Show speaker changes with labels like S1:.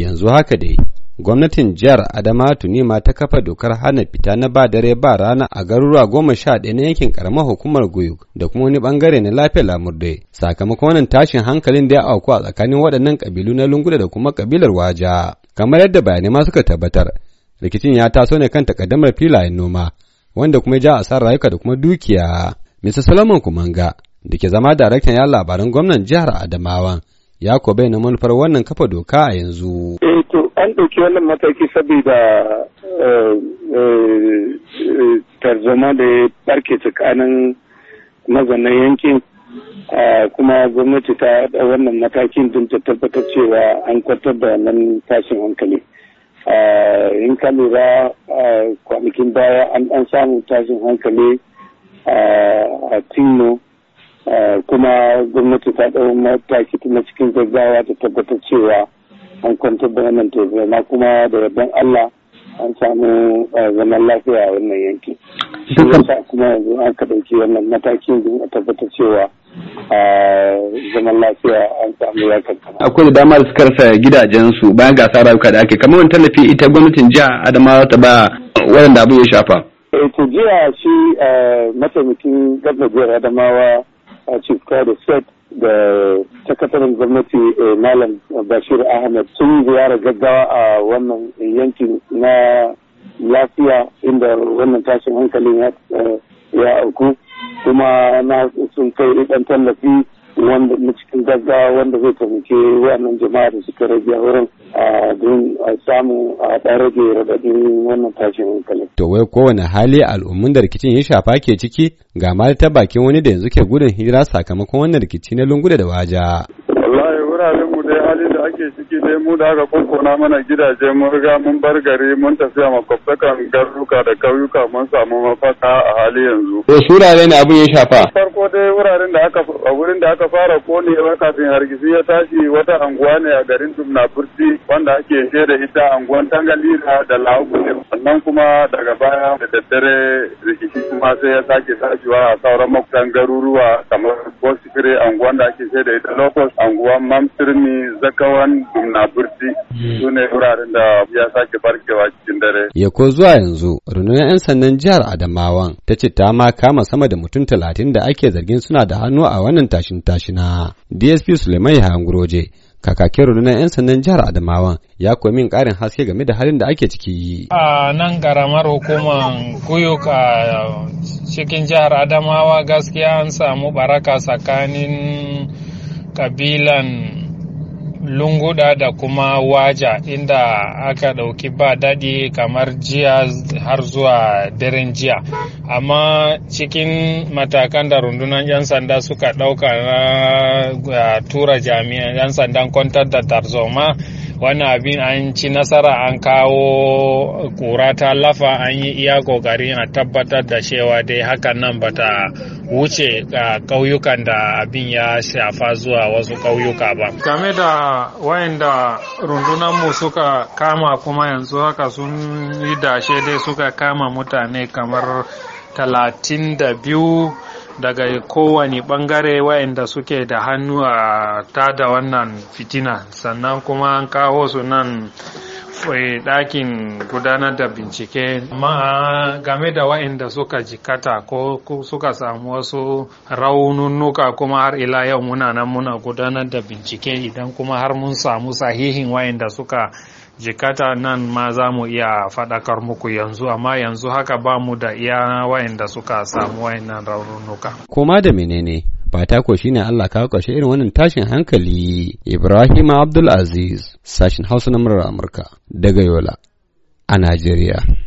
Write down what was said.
S1: yanzu haka dai gwamnatin jihar adama tuni ma ta kafa dokar hana fita na ba dare ba rana a garuruwa goma sha ɗaya na yankin karamar hukumar guyu da kuma wani bangare na lafiyar lamurde sakamakon wannan tashin hankalin da ya auku a tsakanin waɗannan kabilu na lunguda da kuma kabilar waja kamar yadda bayanai ma suka tabbatar rikicin ya taso ne kan takaddamar filayen noma wanda kuma ja asar rayuka da kuma dukiya mr solomon kumanga da ke zama daraktan ya labaran gwamnan jihar adamawan ya ko bayyana manufar wannan kafa doka a yanzu.
S2: Eh an ɗauki wannan mataki saboda eh, eh, eh, tarzoma da ya ɓarke tsakanin mazaunan yankin kuma gwamnati ta da wannan matakin don ta tabbatar cewa an kwantar da nan tashin hankali. In ka lura kwanakin baya an samu tashin hankali a Tino. kuma gwamnati ta ɗau mataki na cikin gaggawa ta tabbatar cewa an kwantar da wannan na kuma da yardan Allah an samu eh, zaman lafiya a wannan yanki. Shi kuma yanzu an ka ɗauki wannan matakin don a tabbatar cewa eh, zaman lafiya an samu ya kankana.
S1: Akwai da dama da suka rasa gidajensu bayan gasa rayuka da ake kamar wani tallafi ita gwamnatin jiha Adamawa ta ba waɗanda abu ya shafa.
S2: Eh to jiya shi eh, mataimakin gwamnatin jihar Adamawa chief da set da sakataren gwamnati eh, malam bashir ahmed sun yi ziyara gaggawa a wannan yankin na lafiya inda wannan tashin hankalin eh, ya auku kuma na sun kai ɗan tallafi wanda na cikin gaggawa wanda zai taimake wannan jama'a da suka rage wurin a don a samu a rage radadin wannan tashin hankali.
S1: To wai kowane hali al'ummun da rikicin ya shafa ke ciki ga ma ta bakin wani da yanzu ke gudun hira sakamakon wannan rikici na lungu da waja.
S3: Wallahi wuraren mu dai hali da ake ciki dai mu da aka kunkuna mana gidaje mun riga mun bar gari mun tafiya makwabtakan garuka da kauyuka mun samu mafaka a hali yanzu. To wurare ne abin ya shafa. Farko dai wuraren da aka a wurin da aka fara konewar kafin hargitsi ya tashi wata anguwa ne a garin Dumna Burti wanda ake da ita anguwan Tangalila da Lahubu. Sannan kuma daga baya da daddare rikici kuma sai ya sake tashiwa a sauran makwabtan garuruwa kamar Bosifire anguwan da ake da ita Lokos anguwan Mam turmi zakawan dumna burti hmm. su wuraren da ya sake barkewa cikin dare
S1: ya ko zuwa yanzu rundunar 'yan sandan jihar adamawan ta ce ta ma kama sama da mutum talatin da ake zargin suna da hannu a wannan tashin tashina dsp suleiman yahanguroje kakakin rundunar 'yan sandan jihar adamawa ya koyi min karin haske game da halin da ake ciki.
S4: A nan karamar hukumar kuyuka cikin jihar Adamawa gaskiya an samu baraka tsakanin kabilan lunguda da kuma waja inda aka ɗauki ba daɗi kamar jiya har zuwa daren jiya amma cikin matakan da rundunar 'yan sanda suka ɗauka na eh, tura jami'an 'yan sandan kwantar da tarzoma wannan abin an ci nasara an kawo kura ta lafa an yi iya kokari a tabbatar da cewa dai hakan nan bata wuce ƙauyukan da abin ya shafa zuwa wasu ƙauyuka ba game da wayanda rundunan mu suka kama kuma yanzu haka sun yi dashe dai suka kama mutane kamar talatin da biyu daga kowane bangare wa'inda suke da hannu a da wannan fitina sannan kuma an kawo su nan eh, ɗakin gudanar da bincike amma game da wa'inda suka jikata ko suka samu wasu raununuka kuma har ila yau muna nan muna gudanar da bincike idan kuma har mun samu sahihin wa'inda suka jikata nan ma za mu iya faɗakar muku yanzu amma yanzu haka ba mu da iya wayanda suka samu wayannan nuka.
S1: Koma da menene fata ko ne Allah ka ƙarshe irin wannan tashin hankali Ibrahim Abdul Aziz sashin Hausa na Amurka daga Yola a Najeriya.